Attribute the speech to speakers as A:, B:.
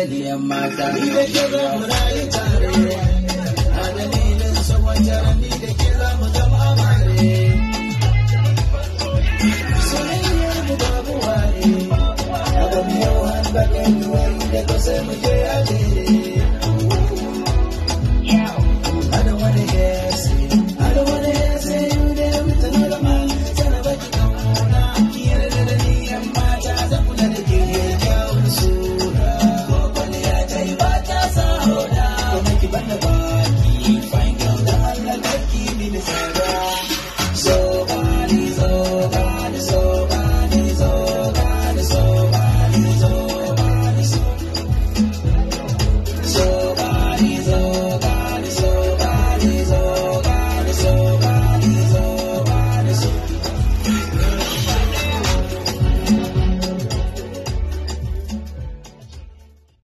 A: I am mata. Ni da ke za mu a dalilin sa wata a jere.